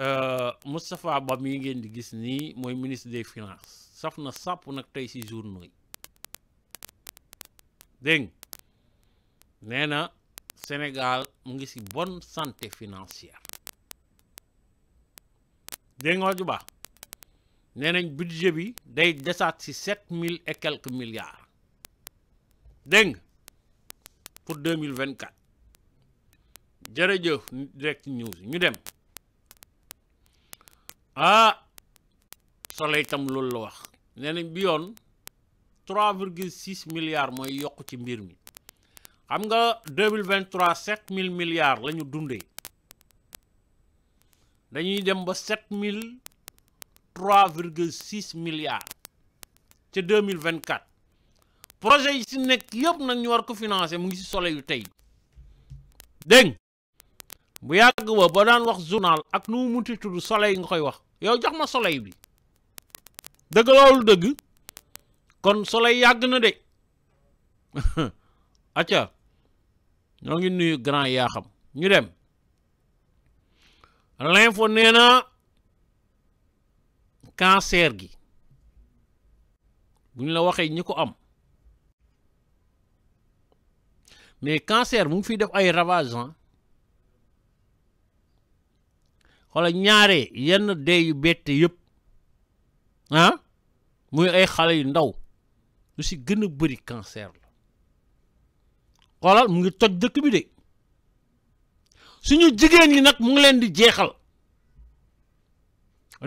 Euh, Moustapha Ba mii ngeen di gis nii mooy ministre des finances saf na sàpp nag tey ci journaux yi dégg nee na Sénégal mu ngi ci bon santé financière dégg nga ju baax nee nañ budget bi day desaat ci sept mille et quelques milliards dégg pour deux mille vingt quatre jërëjëf direct news ñu dem. ah Soleil tam loolu la wax nee nañ bi yoon 3,6 milliards mooy yokk ci mbir mi xam nga 2023 7000 milliards la ñu dundee dañuy dem ba 7000 3,6 milliards ca 2024 projet yi si nekk yëpp nag ñu war ko financer mu ngi si Soleil yu tey dégg bu yàgg ba ba daan wax journal ak nu mu munti tudd soleil nga koy wax yow jox ma soleil bi dëgg dëgg kon soleil yàgg na de acca ñoo ngi nuyu grand yaa xam ñu dem l'info nee na cancer gi bu ñu la waxee ñi ko am mais cancer mu ngi fiy def ay ravages xoola ñaare yenn dee yu bette yëpp ah muy ay xale yu ndaw lu si gën a bëri cancer la xoolal mu ngi toj dëkk bi de suñu jigéen ñi nag mu ngi leen di jeexal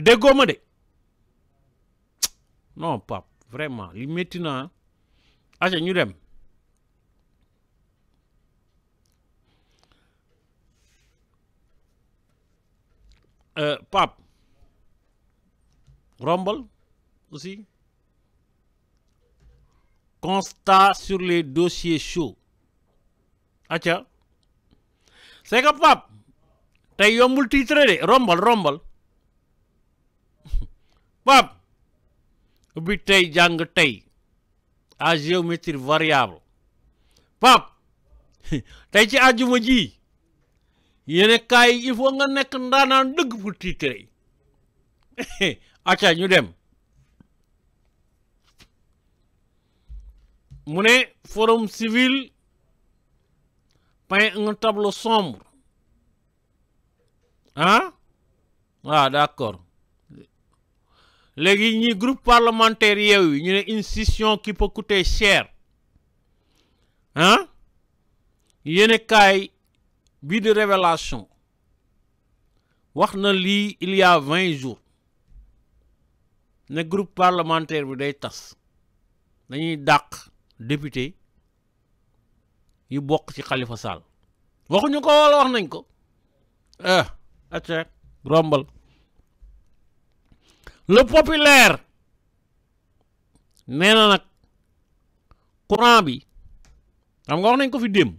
déggoo ma de non pap vraiment li métti naa ah. aca ñu dem Euh, Pape Rumble... aussi constat sur les dossiers chauds Acha? c'est que Pape T'as eu titre de Rumble, rumble... Pape ubbi tey à géométrie variable Pape tey ci un yéene kaay il faut nga nekk ndaanaan dëgg pour titre yi acca ñu dem mu ne forom civil peint un tableau sombre ah waaw d'accord léegi ñi groupe parlementaire yeew yi ñu ne une scission qui peut coûter cher ah yéene bii de révélation wax na lii il y a vingt jours ne groupe parlementaire bi day tass dañuy dàq député yu bok ci Khalifa Sall waxuñu ko wala wax nañ ko euh acca rombal le populaire néna nak. nag courant bi xam nga wax nañ ko fi dem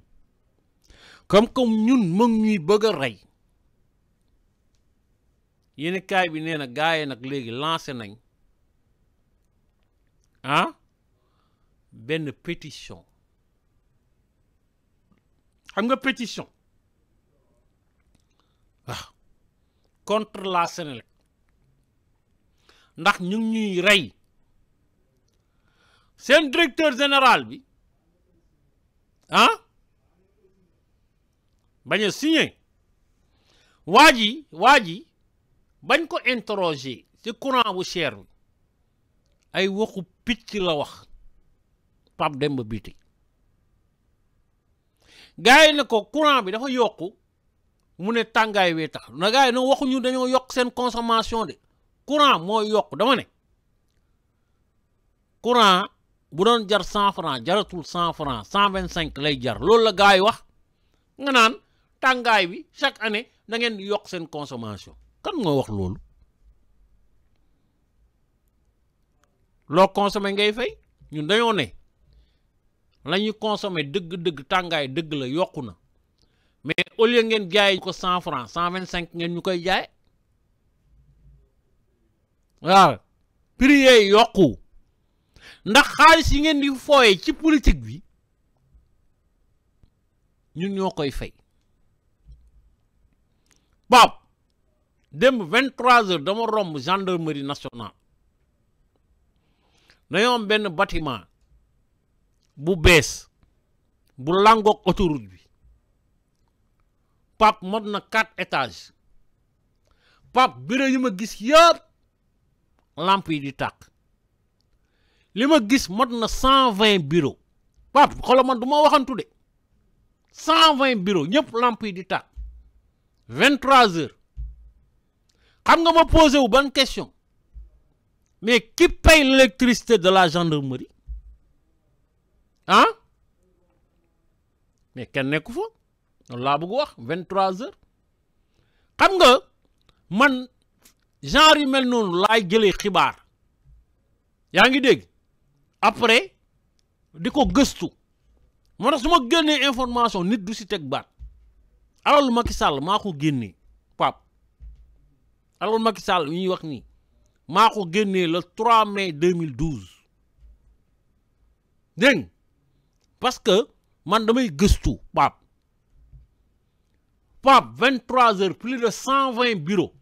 comme comme ñun mu ñuy bëgg a rey yéen bi nee na gars yi nag léegi lancé nañ ah benn pétition xam nga pétition waaw contre la Sénélec ndax ñu ngi ñuy rey seen directeur général bi ah. bañ a signé waa ji waa ji bañ ko interroger ci courant bu cher bi ay waxu picc la wax Pape Demba Biti gars yi ne ko courant bi dafa yokku mu ne tàngaay wee tax na gars yi nag waxuñu dañoo yokk seen consommation de courant mooy yokk dama ne courant bu doon jar cent franc jaratul cent franc cent vingt cinq lay jar loolu la gars yi wax nga naan tàngaay bi chaque année na ngeen yokk seen consommation kan moo wax loolu loo consommé ngay fay ñun dañoo ne la ñuy consommé dëgg-dëgg tàngaay dëgg la yokku na mais au lieu ngeen jaay ko cent franc cent vingt cinq ngeen ñu koy jaay waaw prix yooyu yokku ndax xaalis yi ngeen di fooye ci politique bi ñun ñoo koy fay Pape démb 23h dama romb gendarmerie nationale dañoo am benn bâtiment bu bees bu làngoog autoroute bi Pape mot na quatre étages Pape bureau yi ma gis yëpp làmp yi di tàkk li ma gis mot na cent vingt bureau Pape xoolal man du ma waxantu de cent vingt bureau ñëpp lamp yi di tàkk. 23 heures Quand nga ma posé une bonne question mais qui paye l'électricité de la gendarmerie Hein mais kenn nekku fa loolu laa bëgg wax 23 heures xam nga man genre yu mel noonu laay jëlee xibaar yaa ngi dégg après di ko gëstu moo tax su ma information nit du si teg alalu Macky Sall maa ko génnee Pape alalu Macky Sall mi ñuy wax nii maa ko le 3 mai 2012 dégg parce que man damay gëstu Pape Pape 23 heures plus de 120 bureaux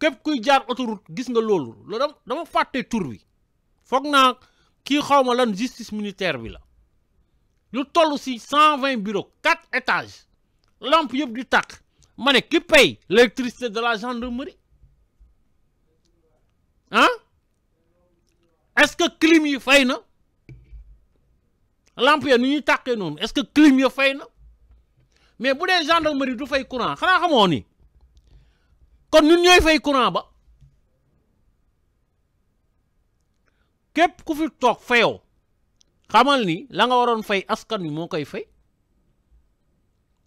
képp kuy jaar autoroute gis nga loolu la dama dama fàtte tur bi foog naa lan justice militaire bi la lu toll 120 bureaux 4 étages lampe yëpp di tàkk ma ki paye l'électricité de la gendarmerie Hein? est-ce que clim yi fay lampe ya nu ñuy non. est-ce que clim ya fay na mais bu dee gendarmerie du fay courant xanaa xamoo ni kon ñun ñooy fay courant ba képp ku fi toog fayoo xamal ni la nga waroon fay askan wi moo koy fay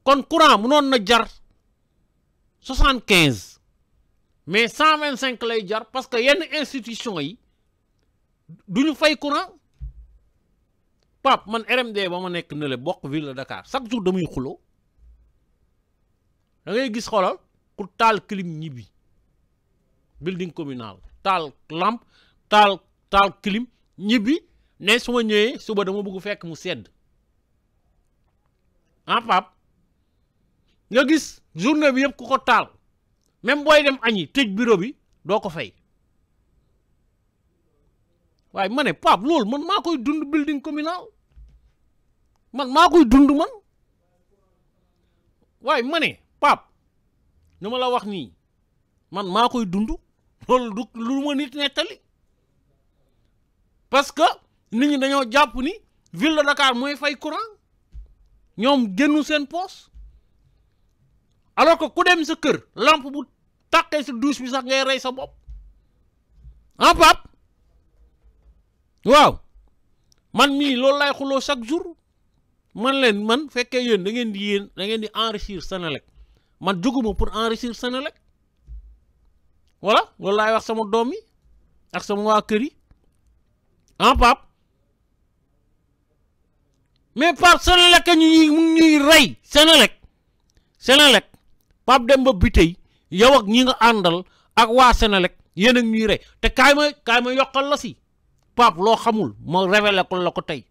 kon courant munoon na jar 75 mais 125, lay jar parce que yenn institution yi du fay courant Pape man RMD bama nek nekk bok ville de Dakar chaque jour damuy xulo da ngay gis xoolal ku tal clim ñibi building communal tal lampe tal tal clim ñibi né suma ñëwé suba dama bëgg fekk mu sédd en ah, papa nga gis journée bi yëpp ko ko taal même booy dem añi tëj bureau bi doo ko fay waaye ma ne Pape loolu man maa koy dund building communal man maa koy dund man waaye ma ne Pape nu ma la wax nii man maa koy dund loolu du lu ma nit nettali parce que nit ñi dañoo jàpp ni ville de Dakar mooy fay courant ñoom génnu seen poos alors que ku dem sa kër làmp bu tàqee sa douche bi sax ngay rey sa bopp ah pap waaw man mii loolu laay xuloo chaque jour man leen man fekkee yéen da ngeen di yéen da ngeen di enrichir Senelec man jóguma pour enrichir Senelec voilà loolu laay wax sama doom yi ak sama waa kër yi ah pap mais par Senelec a rey Senelec Senelec Pape Demba Bitèye yow ak ñi nga àndal ak waa Sénélec yéen ak ñuy rey te kaay ma kaay ma yokkal la si Pape loo xamul ma révélé la ko tey